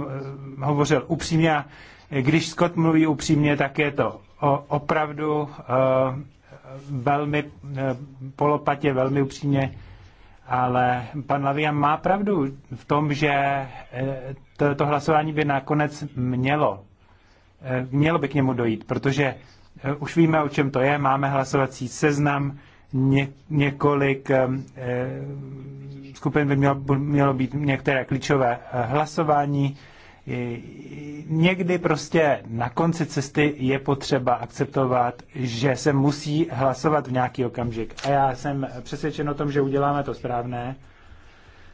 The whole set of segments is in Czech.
Eh, hovořil upřímně. Když Scott mluví upřímně, tak je to opravdu eh, velmi eh, polopatě, velmi upřímně. Ale pan Lavia má pravdu v tom, že to, to hlasování by nakonec mělo. Mělo by k němu dojít, protože už víme, o čem to je, máme hlasovací seznam, ně, několik eh, skupin by mělo, mělo být některé klíčové eh, hlasování. Někdy prostě na konci cesty je potřeba akceptovat, že se musí hlasovat v nějaký okamžik. A já jsem přesvědčen o tom, že uděláme to správné,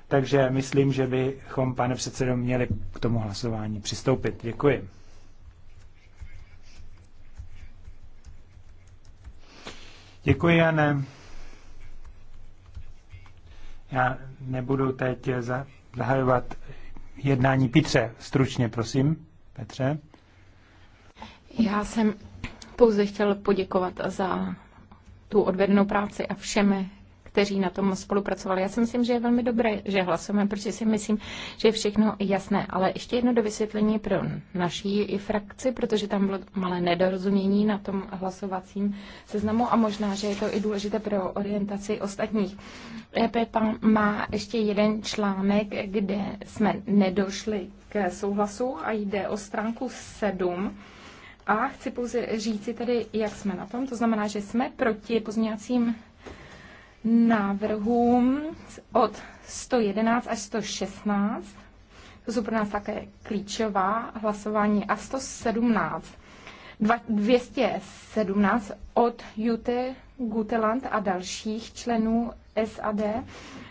takže myslím, že bychom, pane předsedo, měli k tomu hlasování přistoupit. Děkuji. Děkuji, Jane. Já nebudu teď zahajovat jednání. Petře, stručně, prosím. Petře. Já jsem pouze chtěl poděkovat za tu odvedenou práci a všem kteří na tom spolupracovali. Já si myslím, že je velmi dobré, že hlasujeme, protože si myslím, že je všechno jasné. Ale ještě jedno do vysvětlení pro naší frakci, protože tam bylo malé nedorozumění na tom hlasovacím seznamu a možná, že je to i důležité pro orientaci ostatních. EPP má ještě jeden článek, kde jsme nedošli k souhlasu a jde o stránku 7. A chci pouze říci tedy, jak jsme na tom. To znamená, že jsme proti pozměňovacím návrhům od 111 až 116. To jsou pro nás také klíčová hlasování a 117. 217 od Jute Guteland a dalších členů SAD.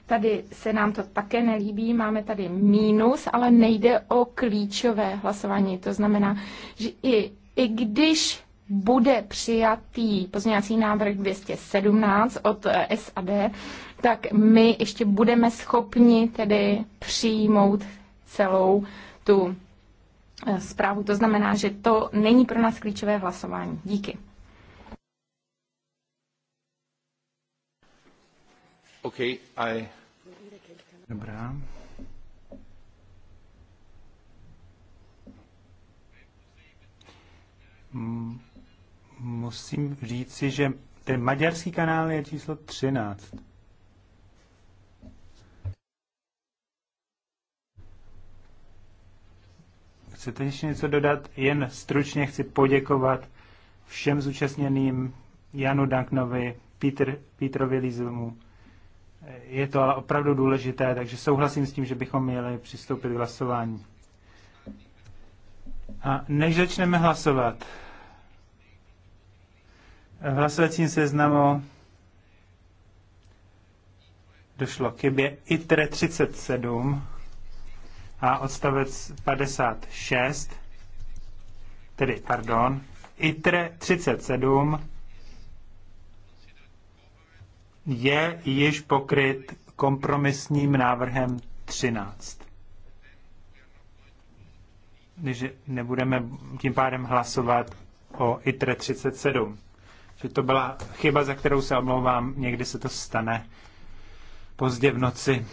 Tady se nám to také nelíbí, máme tady mínus, ale nejde o klíčové hlasování. To znamená, že i, i když bude přijatý pozměňovací návrh 217 od eh, SAD, tak my ještě budeme schopni tedy přijmout celou tu eh, zprávu. To znamená, že to není pro nás klíčové hlasování. Díky. Okay, I... Dobrá musím říci, že ten maďarský kanál je číslo 13. Chcete ještě něco dodat? Jen stručně chci poděkovat všem zúčastněným, Janu Danknovi, Petr, Petrovi Lízemu. Je to ale opravdu důležité, takže souhlasím s tím, že bychom měli přistoupit k hlasování. A než začneme hlasovat, v hlasovacím seznamu došlo k chybě ITR 37 a odstavec 56, tedy pardon, ITR 37 je již pokryt kompromisním návrhem 13. Takže nebudeme tím pádem hlasovat o ITRE 37 že to byla chyba, za kterou se omlouvám. Někdy se to stane pozdě v noci.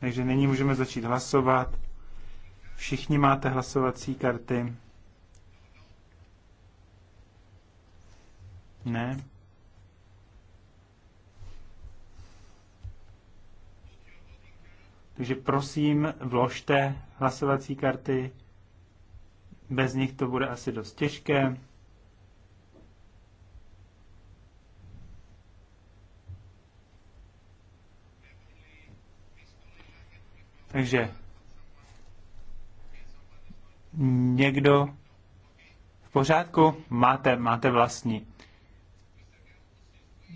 Takže nyní můžeme začít hlasovat. Všichni máte hlasovací karty. Ne. Takže prosím, vložte hlasovací karty bez nich to bude asi dost těžké. Takže někdo v pořádku, máte, máte vlastní.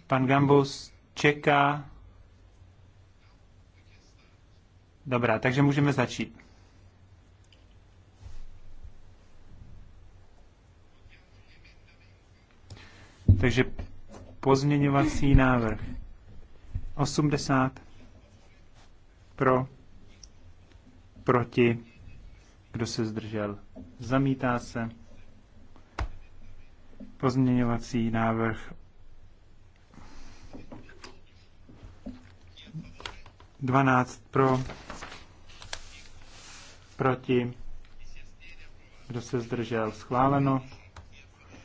Pan Gambus čeká. Dobrá, takže můžeme začít. Takže pozměňovací návrh 80 pro, proti, kdo se zdržel, zamítá se. Pozměňovací návrh 12 pro, proti, kdo se zdržel, schváleno.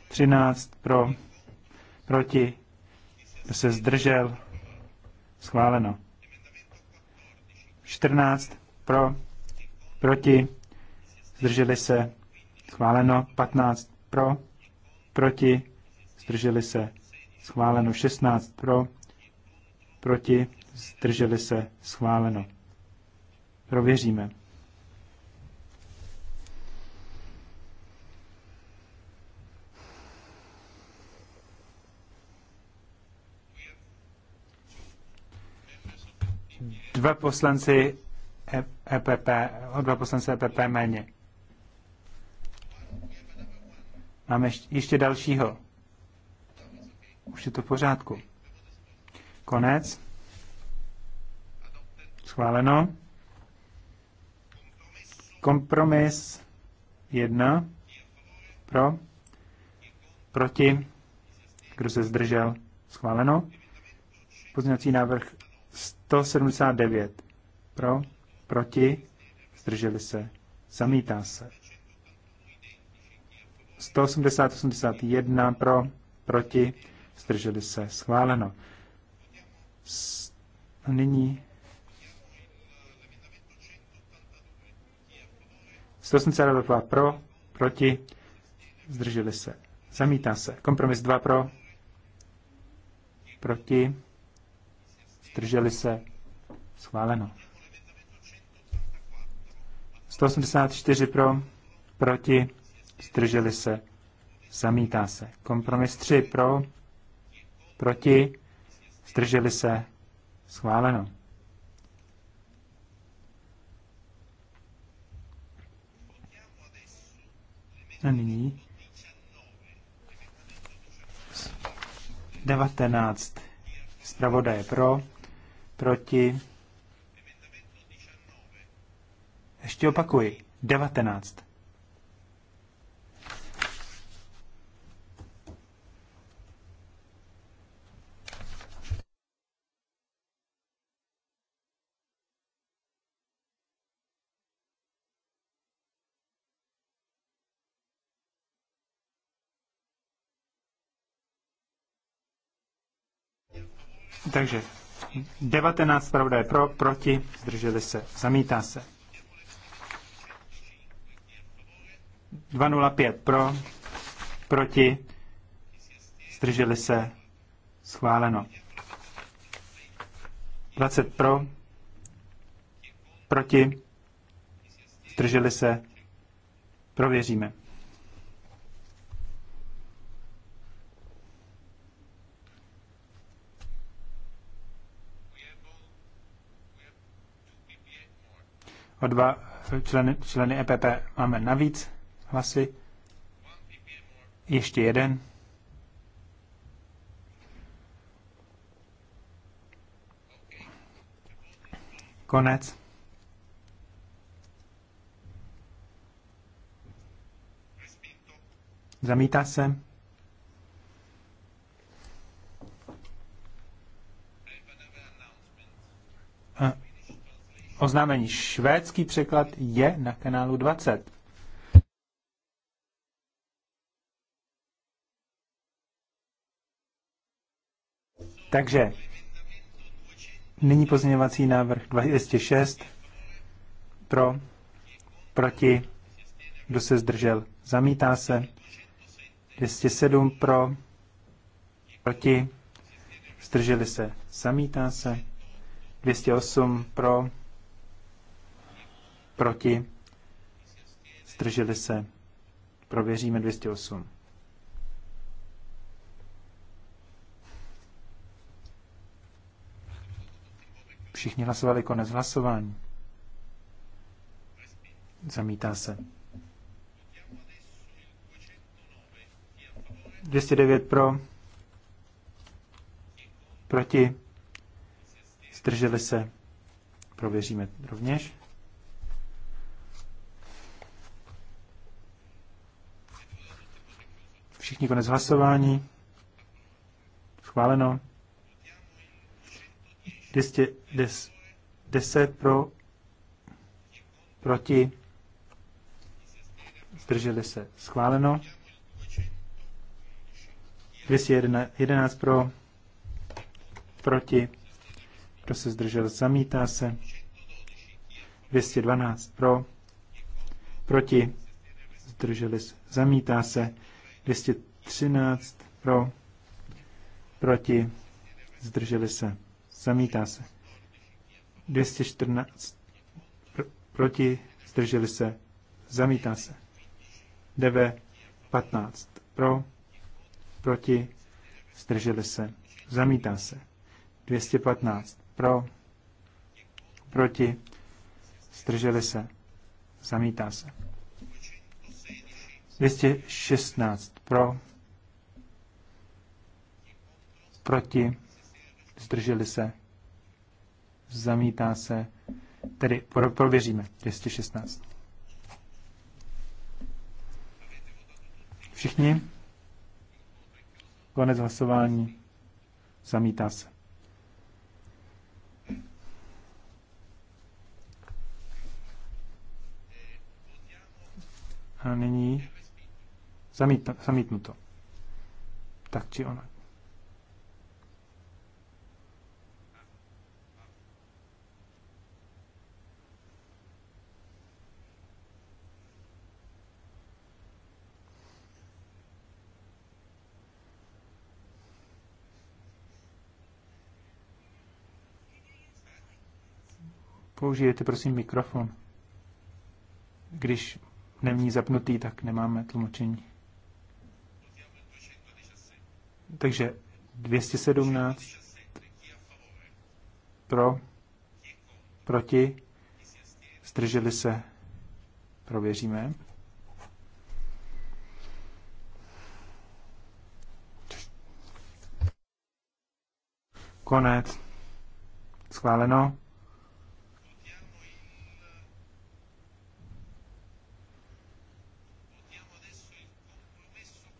13 pro, proti, kdo se zdržel, schváleno. 14 pro, proti, zdrželi se, schváleno. 15 pro, proti, zdrželi se, schváleno. 16 pro, proti, zdrželi se, schváleno. Prověříme. dva poslanci EPP, e o dva poslanci EPP méně. Máme ještě dalšího. Už je to v pořádku. Konec. Schváleno. Kompromis jedna. Pro. Proti. Kdo se zdržel? Schváleno. Pozměňovací návrh 179 pro, proti, zdrželi se, zamítá se. 180, 81 pro, proti, zdrželi se, schváleno. S, nyní 182 pro, proti, zdrželi se, zamítá se. Kompromis 2 pro, proti, zdrželi se, schváleno. 184 pro, proti, zdrželi se, zamítá se. Kompromis 3 pro, proti, zdrželi se, schváleno. A nyní 19. Zpravodaje pro, proti, ještě opakuji, 19. Takže 19 zpravodaj pro, proti, zdrželi se, zamítá se. 205 pro, proti, zdrželi se, schváleno. 20 pro, proti, zdrželi se, prověříme. O dva členy, členy EPP máme navíc hlasy. Ještě jeden. Konec. Zamítá se. oznámení. Švédský překlad je na kanálu 20. Takže nyní pozměňovací návrh 206 pro, proti, kdo se zdržel, zamítá se. 207 pro, proti, zdrželi se, zamítá se. 208 pro, Proti? Zdrželi se? Prověříme 208. Všichni hlasovali konec hlasování. Zamítá se. 209 pro. Proti. Zdrželi se. Prověříme rovněž. všichni konec hlasování. Schváleno. 210 pro, proti, zdrželi se. Schváleno. 211 pro, proti, kdo se zdržel, zamítá se. 212 pro, proti, zdrželi se, zamítá se. 213 pro, proti, zdrželi se, zamítá se. 214 pr- proti, zdrželi se, zamítá se. 9, 15 pro, proti, zdrželi se, zamítá se. 215 pro, proti, zdrželi se, zamítá se. 216 pro, proti, zdrželi se, zamítá se, tedy pro, prověříme 216. Všichni? Konec hlasování. Zamítá se. A nyní Zamít, zamítnuto. Tak či ona. Použijete prosím mikrofon. Když není zapnutý, tak nemáme tlumočení. Takže 217 pro, proti, zdrželi se, prověříme. Konec. Schváleno.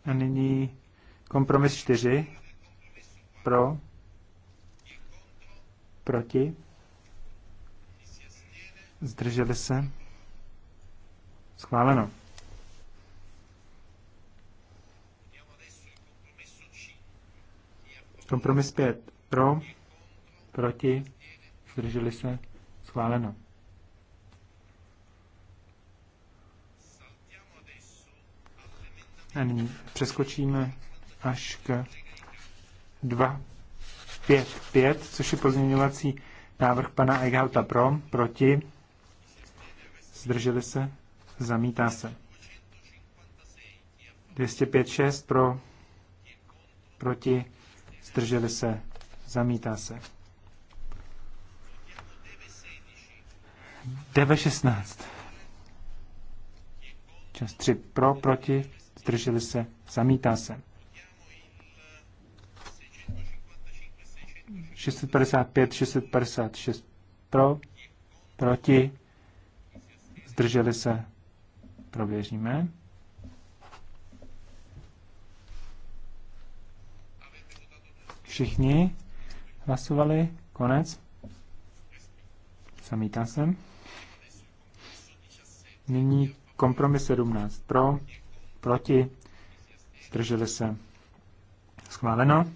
A nyní Kompromis 4. Pro. Proti. Zdrželi se. Schváleno. Kompromis 5. Pro. Proti. Zdrželi se. Schváleno. A nyní přeskočíme až k 2, 5, 5, což je pozměňovací návrh pana Eichhalta pro, proti, zdrželi se, zamítá se. 205, 6 pro, proti, zdrželi se, zamítá se. DV16. Čas 3 pro, proti, zdrželi se, zamítá se. 655, 656 pro, proti, zdrželi se, prověříme. Všichni hlasovali, konec. Zamítá se. Nyní kompromis 17 pro, proti, zdrželi se. Schváleno.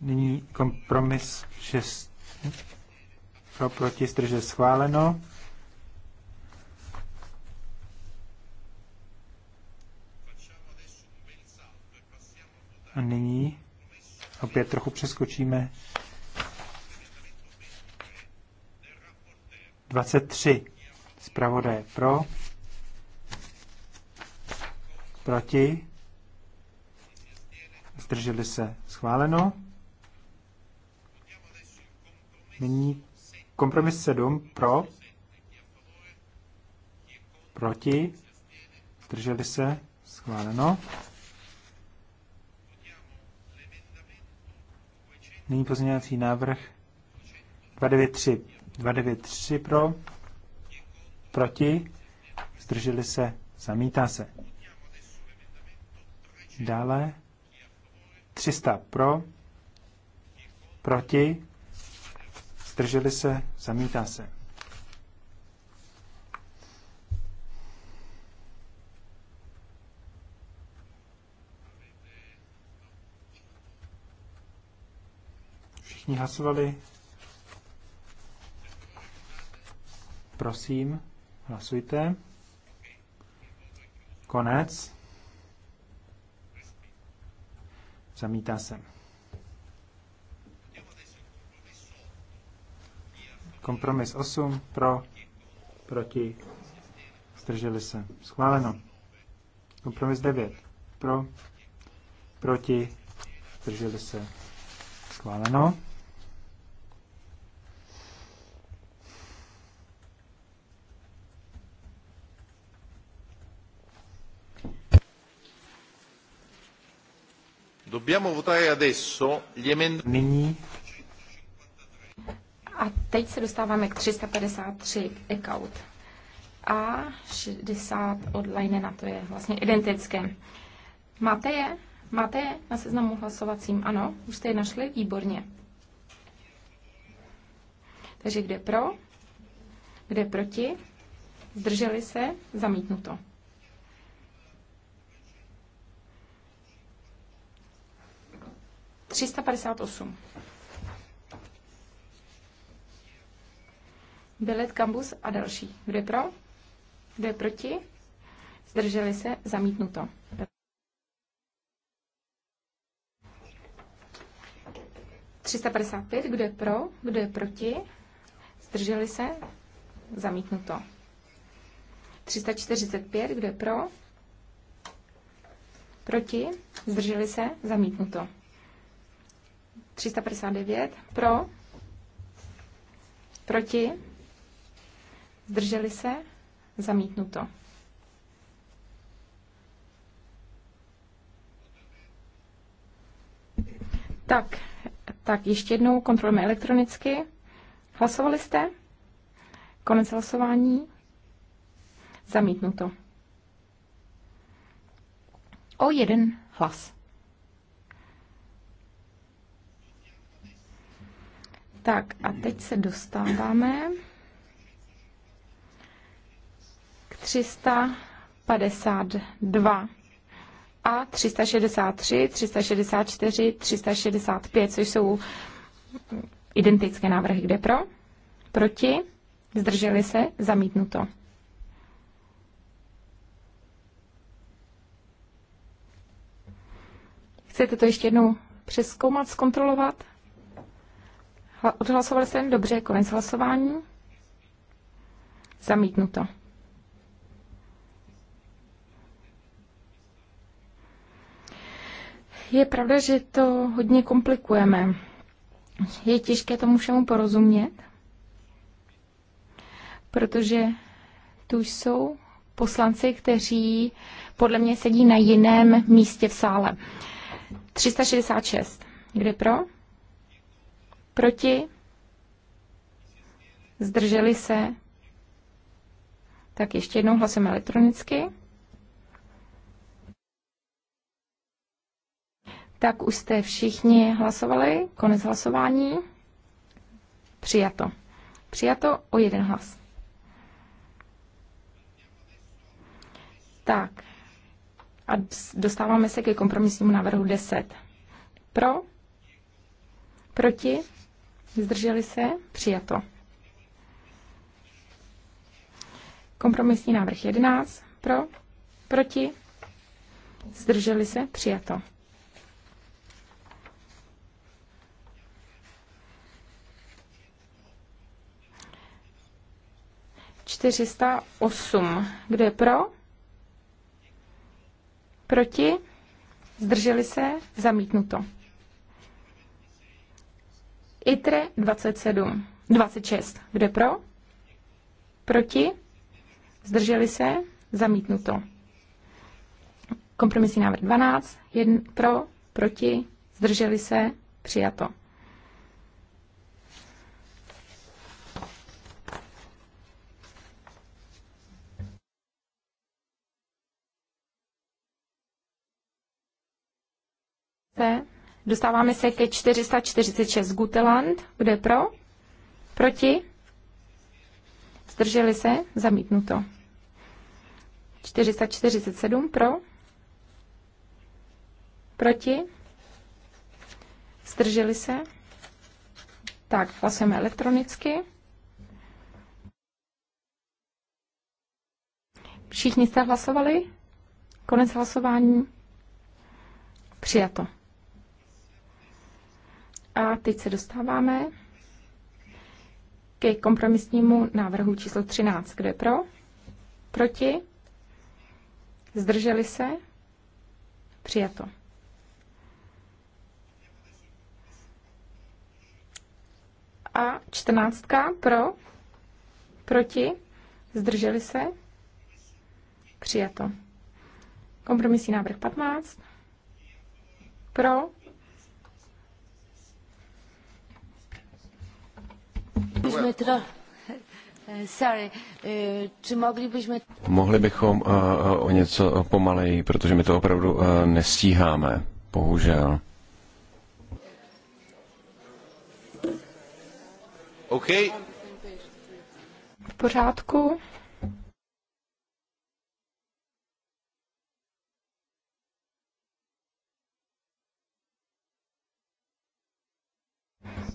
Nyní kompromis 6 pro proti strže schváleno. A nyní opět trochu přeskočíme. 23. Zpravodaje pro. Proti. Zdrželi se. Schváleno. Nyní kompromis 7 pro, proti, zdrželi se, schváleno. Nyní pozměňovací návrh 293. 293 pro, proti, zdrželi se, zamítá se. Dále 300 pro, proti, zdrželi se, zamítá se. Všichni hlasovali. Prosím, hlasujte. Konec. Zamítá se. Kompromis 8 pro, proti, zdrželi se. Schváleno. Kompromis 9 pro, proti, zdrželi se. Schváleno. Dobbiamo votare adesso gli emendamenti. A teď se dostáváme k 353 account. A 60 od na to je vlastně identické. Máte je? Máte je na seznamu hlasovacím? Ano, už jste je našli? Výborně. Takže kde pro? Kde proti? Zdrželi se? Zamítnuto. Třista padesát osm. Bilet, Kambus a další. Kdo je pro? Kdo je proti? Zdrželi se? Zamítnuto. Třista pět. Kdo je pro? Kdo je proti? Zdrželi se? Zamítnuto. 345, kdo je pro? Proti? Zdrželi se? Zamítnuto. 359, pro? Proti? Zdrželi se? Zamítnuto. Tak, tak ještě jednou kontrolujeme elektronicky. Hlasovali jste? Konec hlasování. Zamítnuto. O jeden hlas. Tak a teď se dostáváme 352 a 363, 364, 365, což jsou identické návrhy. Kde pro? Proti? Zdrželi se? Zamítnuto. Chcete to ještě jednou přeskoumat, zkontrolovat? Odhlasovali jste? Dobře, konec hlasování. Zamítnuto. Je pravda, že to hodně komplikujeme. Je těžké tomu všemu porozumět, protože tu jsou poslanci, kteří podle mě sedí na jiném místě v sále. 366. Kde pro? Proti? Zdrželi se? Tak ještě jednou hlasujeme elektronicky. Tak už jste všichni hlasovali. Konec hlasování. Přijato. Přijato o jeden hlas. Tak. A dostáváme se ke kompromisnímu návrhu 10. Pro, proti, zdrželi se, přijato. Kompromisní návrh 11. Pro, proti, zdrželi se, přijato. 408. Kdo je pro? Proti? Zdrželi se? Zamítnuto. ITRE 27. 26. Kdo je pro? Proti? Zdrželi se? Zamítnuto. Kompromisní návrh 12. Jedn, pro? Proti? Zdrželi se? Přijato. Dostáváme se ke 446 Guteland. Kdo je pro? Proti? Zdrželi se? Zamítnuto. 447 pro? Proti? Zdrželi se? Tak, hlasujeme elektronicky. Všichni jste hlasovali? Konec hlasování. Přijato. A teď se dostáváme ke kompromisnímu návrhu číslo 13. Kdo je pro? Proti? Zdrželi se? Přijato. A čtrnáctka pro, proti, zdrželi se, přijato. Kompromisní návrh 15, pro, moglibyśmy Sorry, Mohli bychom o něco pomaleji, protože my to opravdu eh, nestíháme, bohužel. OK. V pořádku.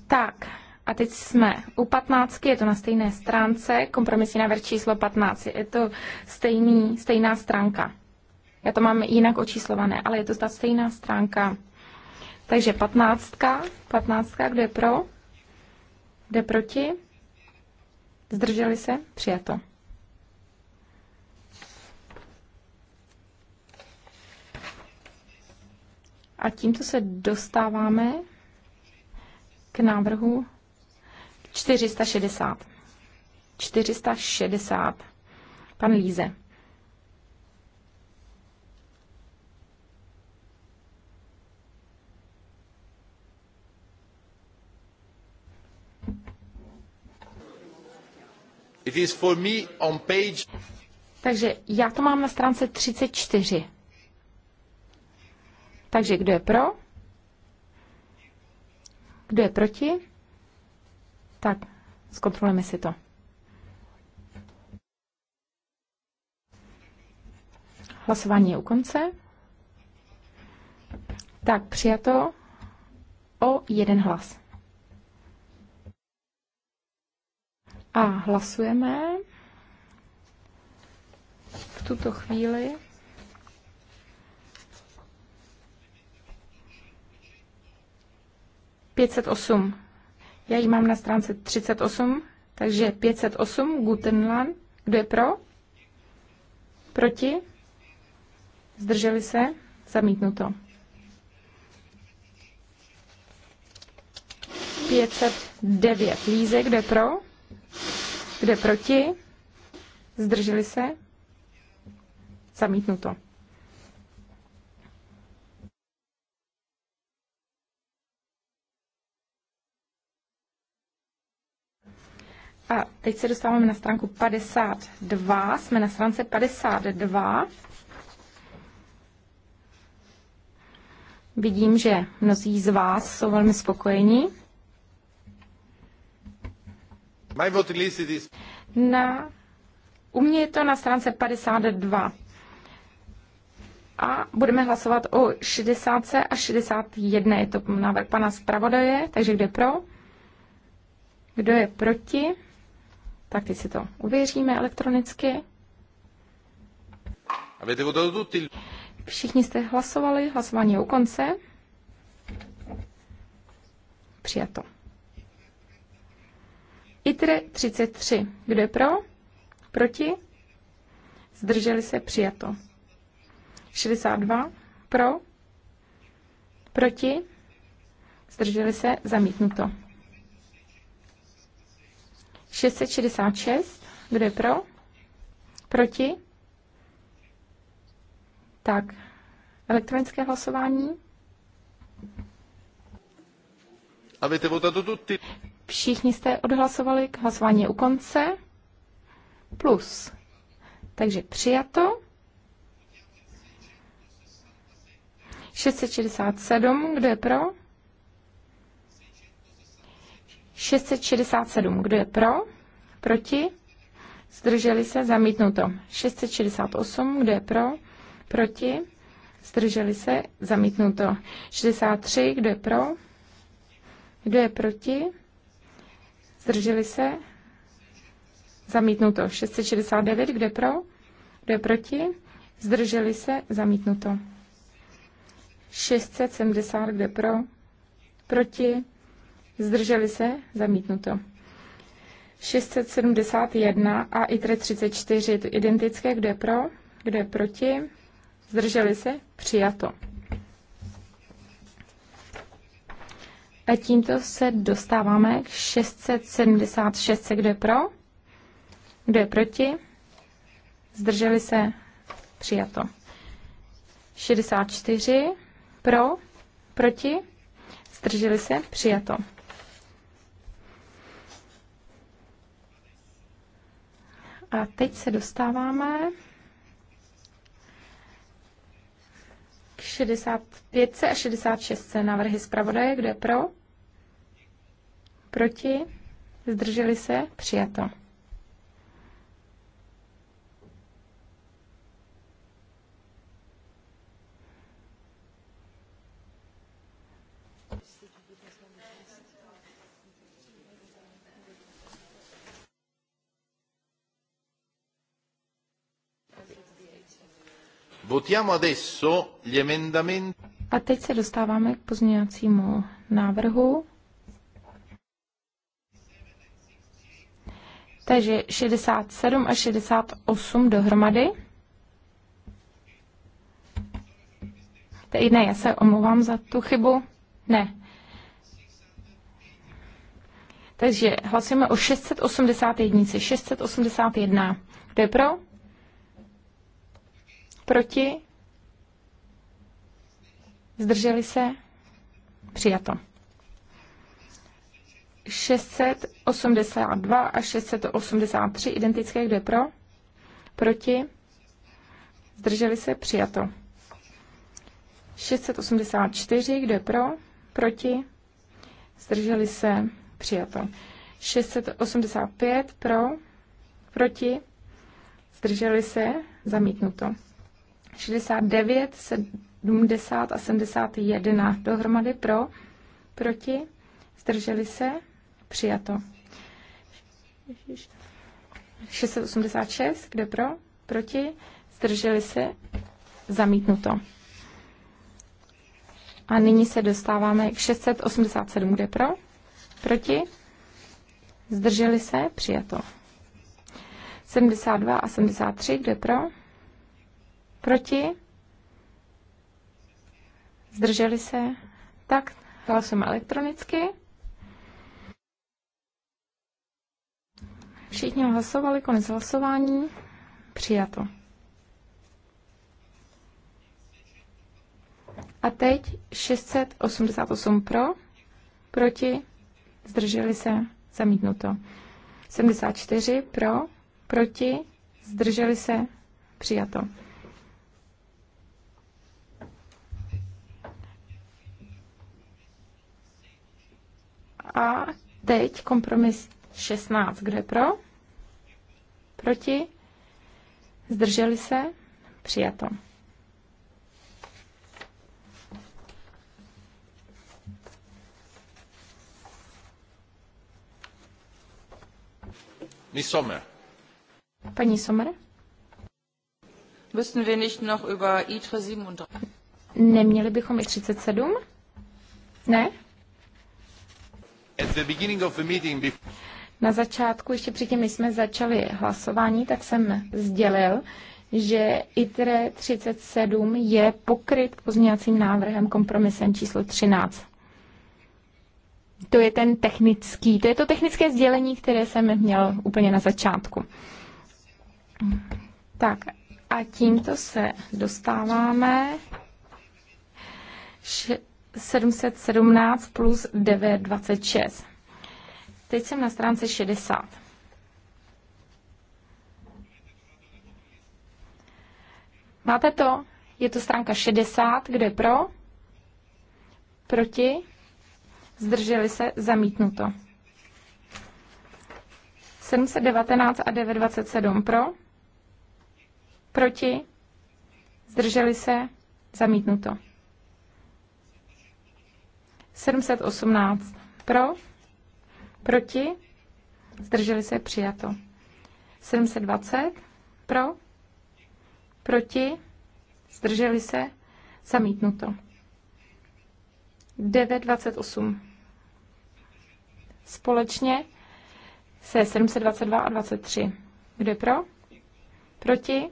Tak, a teď jsme u 15, je to na stejné stránce, kompromisní návrh číslo 15, je to stejný, stejná stránka. Já to mám jinak očíslované, ale je to ta stejná stránka. Takže 15, 15, kdo je pro, kde proti, zdrželi se, přijato. A tímto se dostáváme k návrhu 460. 460. Pan Líze. It is for me on page... Takže já to mám na stránce 34. Takže kdo je pro? Kdo je proti? Tak, zkontrolujeme si to. Hlasování je u konce. Tak, přijato o jeden hlas. A hlasujeme v tuto chvíli Pětset osm. Já ji mám na stránce 38, takže 508 Gutenland. Kdo je pro? Proti? Zdrželi se? Zamítnuto. 509 Líze, kde pro? Kde proti? Zdrželi se? Zamítnuto. A teď se dostáváme na stránku 52. Jsme na stránce 52. Vidím, že mnozí z vás jsou velmi spokojení. Na, u mě je to na stránce 52. A budeme hlasovat o 60 a 61. Je to návrh pana zpravodaje, takže je pro? Kdo je proti? Tak teď si to uvěříme elektronicky. Všichni jste hlasovali, hlasování je u konce. Přijato. ITRE 33. Kdo je pro? Proti? Zdrželi se přijato. 62. Pro? Proti? Zdrželi se zamítnuto. 666, kdo je pro? Proti? Tak, elektronické hlasování. Avete votato tutti? Všichni jste odhlasovali, k hlasování je u konce. Plus. Takže přijato. 667, kdo je pro? 667. Kdo je pro? Proti? Zdrželi se? Zamítnuto. 668. Kdo je pro? Proti? Zdrželi se? Zamítnuto. 63. Kdo je pro? Kdo je proti? Zdrželi se? Zamítnuto. 669. Kdo je pro? Kdo je proti? Zdrželi se? Zamítnuto. 670. Kdo je pro? Proti? zdrželi se, zamítnuto. 671 a ITRE 34, identické, kdo je pro, kdo je proti, zdrželi se, přijato. A tímto se dostáváme k 676, kdo je pro, kdo je proti, zdrželi se, přijato. 64 pro, proti, zdrželi se, přijato. A teď se dostáváme k 65 a 66 návrhy zpravodaje. Kdo je pro? Proti? Zdrželi se? Přijato. Votiamo adesso gli emendamenti. A teď se dostáváme k pozměňovacímu návrhu. Takže 67 a 68 dohromady. Teď ne, já se omlouvám za tu chybu. Ne. Takže hlasujeme o 681. 681. Kdo je pro? Proti? Zdrželi se? Přijato. 682 a 683 identické, kdo je pro? Proti? Zdrželi se? Přijato. 684, kdo je pro? Proti? Zdrželi se? Přijato. 685 pro? Proti? Zdrželi se? Zamítnuto. 69, 70 a 71 dohromady pro, proti, zdrželi se, přijato. 686, kde pro, proti, zdrželi se, zamítnuto. A nyní se dostáváme k 687, kde pro, proti, zdrželi se, přijato. 72 a 73, kde pro, Proti? Zdrželi se? Tak, hlasujeme elektronicky. Všichni hlasovali, konec hlasování. Přijato. A teď 688 pro, proti, zdrželi se, zamítnuto. 74 pro, proti, zdrželi se, přijato. a teď kompromis 16. Kdo je pro? Proti? Zdrželi se? Přijato. Sommer. Paní Sommer? Müssen wir nicht noch über ITRE 37? Neměli bychom i 37? Ne? Na začátku, ještě předtím, než jsme začali hlasování, tak jsem sdělil, že ITRE 37 je pokryt pozměňovacím návrhem kompromisem číslo 13. To je ten technický, to je to technické sdělení, které jsem měl úplně na začátku. Tak a tímto se dostáváme 717 plus 926. Teď jsem na stránce 60. Máte to? Je to stránka 60, kde pro? Proti? Zdrželi se? Zamítnuto. 719 a 927 pro? Proti? Zdrželi se? Zamítnuto. 718 pro, proti, zdrželi se přijato. 720 pro, proti, zdrželi se, zamítnuto. 928 společně se 722 a 23. Kdo je pro? Proti?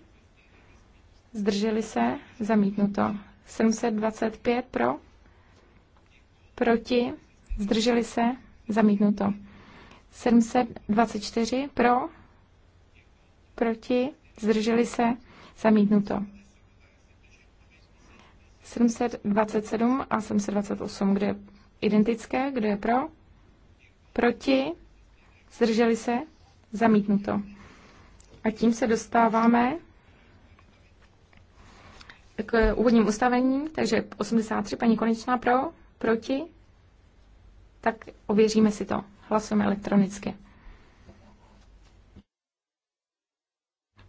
Zdrželi se? Zamítnuto. 725 pro? proti, zdrželi se, zamítnuto. 724 pro, proti, zdrželi se, zamítnuto. 727 a 728, kde je identické, kde je pro, proti, zdrželi se, zamítnuto. A tím se dostáváme k úvodním ustavením, takže 83 paní Konečná pro, proti, tak ověříme si to. Hlasujeme elektronicky.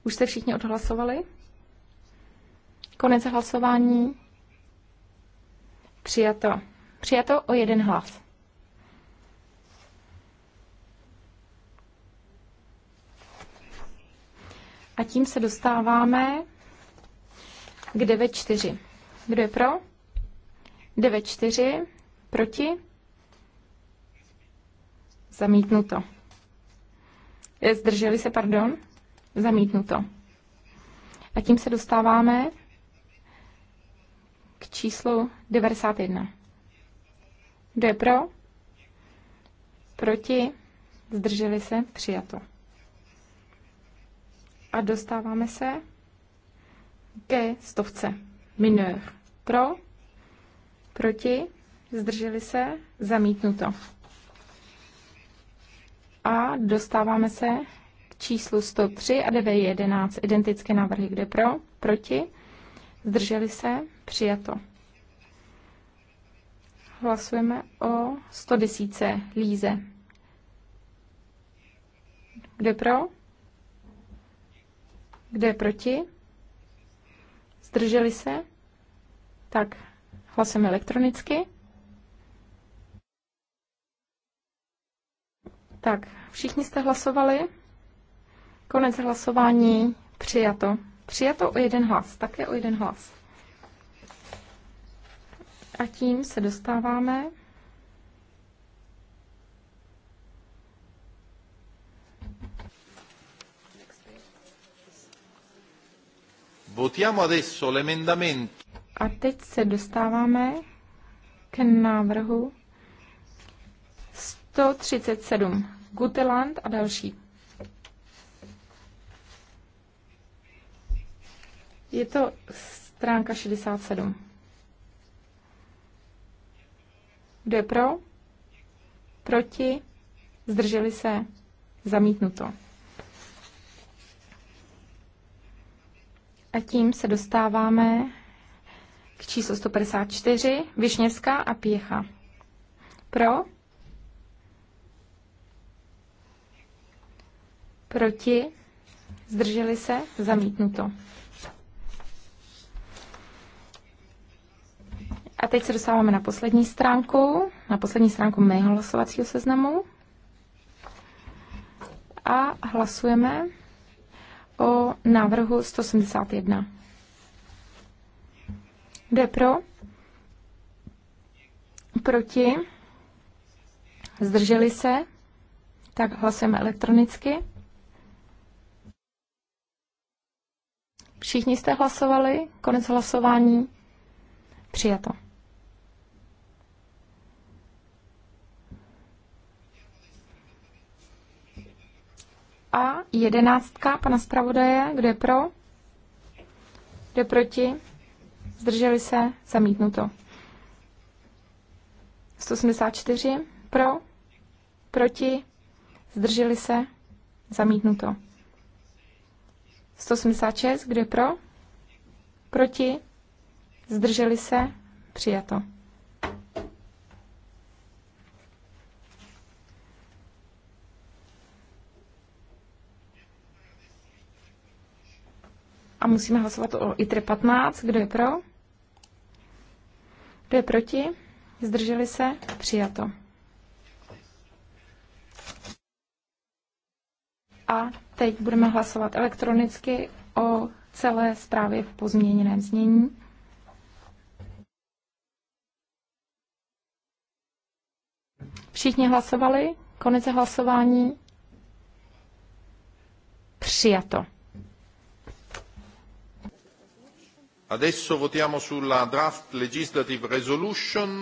Už jste všichni odhlasovali? Konec hlasování. Přijato. Přijato o jeden hlas. A tím se dostáváme k 9.4. Kdo je pro? 9-4 proti. Zamítnuto. Eh, zdrželi se, pardon. Zamítnuto. A tím se dostáváme k číslu 91. Kdo je pro? Proti? Zdrželi se? Přijato. A dostáváme se ke stovce. Mineur. Pro? Proti? Zdrželi se? Zamítnuto. A dostáváme se k číslu 103 a 911. Identické návrhy, kde pro? Proti? Zdrželi se? Přijato. Hlasujeme o 110 líze. Kde pro? Kde proti? Zdrželi se? Tak, Hlasujeme elektronicky. Tak, všichni jste hlasovali. Konec hlasování. Přijato. Přijato o jeden hlas. Také o jeden hlas. A tím se dostáváme Votiamo adesso l'emendamento. A teď se dostáváme k návrhu 137. Guteland a další. Je to stránka 67. Kdo je pro? Proti? Zdrželi se? Zamítnuto. A tím se dostáváme k číslu 154, Višněvská a Pěcha. Pro, proti, zdrželi se, zamítnuto. A teď se dostáváme na poslední stránku, na poslední stránku mého hlasovacího seznamu. A hlasujeme o návrhu 171 jde pro? Proti? Zdrželi se? Tak hlasujeme elektronicky. Všichni jste hlasovali? Konec hlasování? Přijato. A jedenáctka pana zpravodaje, kde pro? Kde proti? zdrželi se, zamítnuto. 184 pro, proti, zdrželi se, zamítnuto. 186, kdo je pro, proti, zdrželi se, přijato. A musíme hlasovat o ITRE 15, kdo je pro, kdo je proti? Zdrželi se? Přijato. A teď budeme hlasovat elektronicky o celé zprávě v pozměněném znění. Všichni hlasovali? Konec hlasování? Přijato. Adesso votiamo sulla draft legislative resolution.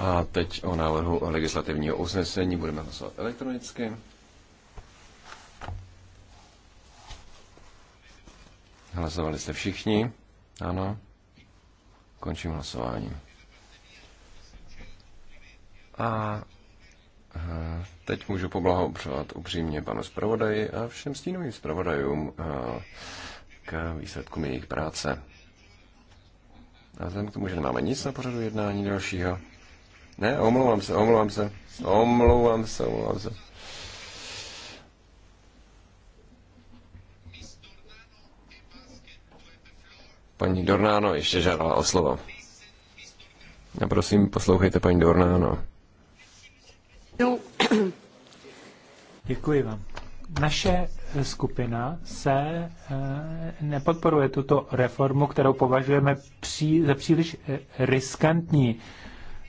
A teď o návrhu legislativního usnesení budeme hlasovat elektronicky. Hlasovali jste všichni? Ano. Končím hlasování. A e, teď můžu poblahopřát upřímně panu zpravodaji a všem stínovým zpravodajům e, k výsledkům jejich práce. A vzhledem k tomu, že nemáme nic na pořadu jednání dalšího. Ne, omlouvám se, omlouvám se, omlouvám se, omlouvám se. Paní Dornáno ještě žádala o slovo. A prosím, poslouchejte paní Dornáno. No. Děkuji vám. Naše skupina se eh, nepodporuje tuto reformu, kterou považujeme pří, za příliš eh, riskantní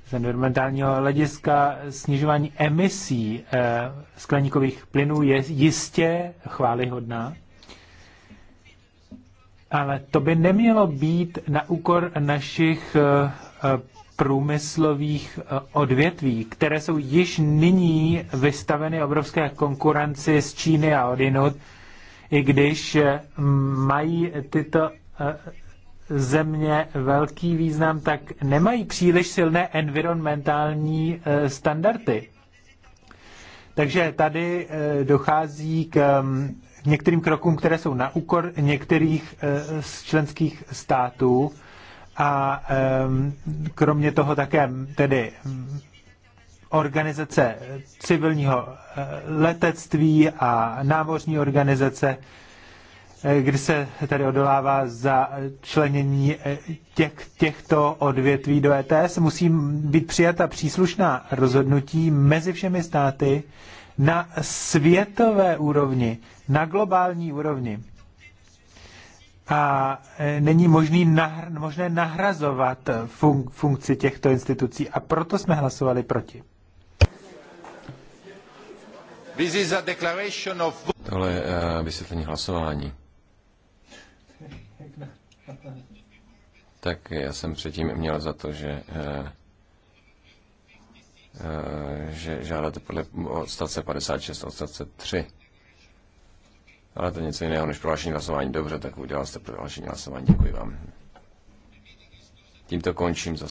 z environmentálního hlediska snižování emisí eh, skleníkových plynů je jistě chválihodná, ale to by nemělo být na úkor našich průmyslových eh, odvětví, které jsou již nyní vystaveny obrovské konkurenci z Číny a odinut, i když eh, mají tyto eh, země velký význam, tak nemají příliš silné environmentální standardy. Takže tady dochází mm, k některým krokům, které jsou na úkor některých z členských států a kromě toho také tedy organizace civilního eh, letectví a námořní organizace, eh, kdy se tady odolává za členění eh, těch, těchto odvětví do ETS, musí být přijata příslušná rozhodnutí mezi všemi státy na světové úrovni, na globální úrovni a e, není možný nahr, možné nahrazovat fun, funkci těchto institucí a proto jsme hlasovali proti. This is a declaration of... Tohle je uh, vysvětlení hlasování. Tak já jsem předtím měl za to, že, uh, uh, že žádáte podle odstavce 56 odstavce 3. Ale to je něco jiného než prohlášení hlasování. Dobře, tak udělal jste prohlášení hlasování. Děkuji vám. Tímto končím